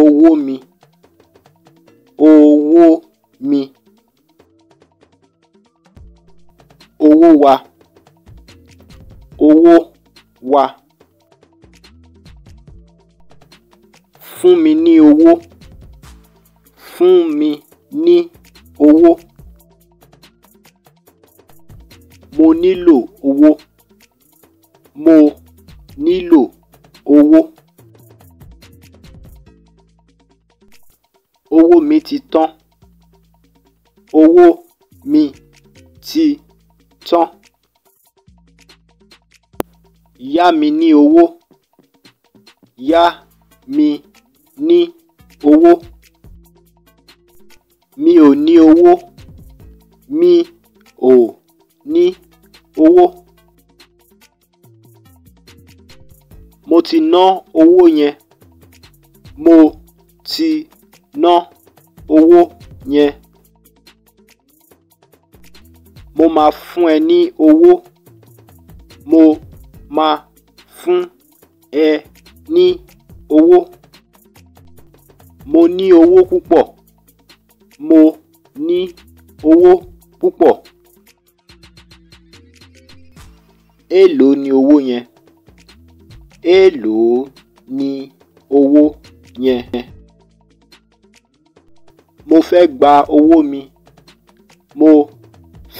owó mi owó mi owó wa owó wa fún mi ní owó fún mi ní owó mo nílò owó mo nílò owó. owó mi ti tán owó mi ti tán yá mi ní owó yá mi ní owó mi ò ní owó mi ò ní owó mo ti ná owó yẹn mo ti ná owó yẹn. Mo máa fún ẹ ní owó. Mo máa fún ẹ ní owó. Mo ní owó púpọ̀. Mo ní owó púpọ̀. Èló ni owó yẹn? Èló ni owó yẹn? mo fẹ́ gba owó mi mo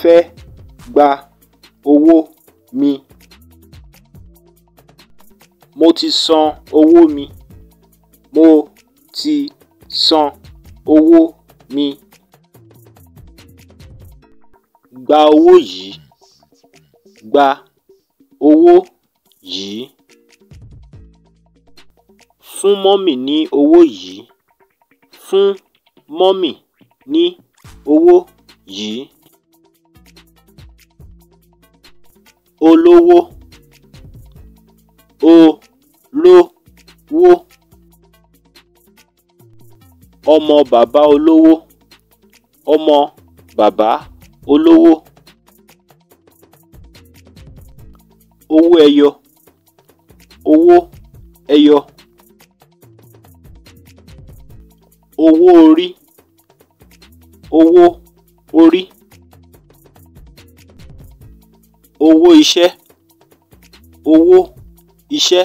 fẹ́ gba owó mi mo ti san owó mi mo ti san owó mi gba owó yìí gba owó yìí fún mọ́mì ní owó yìí fún mummy ní owó yìí olówó olówó ọmọ bàbá olówó ọmọ bàbá olówó owó ẹyọ owó ẹyọ. owó orí owó orí owó iṣẹ́ owó iṣẹ́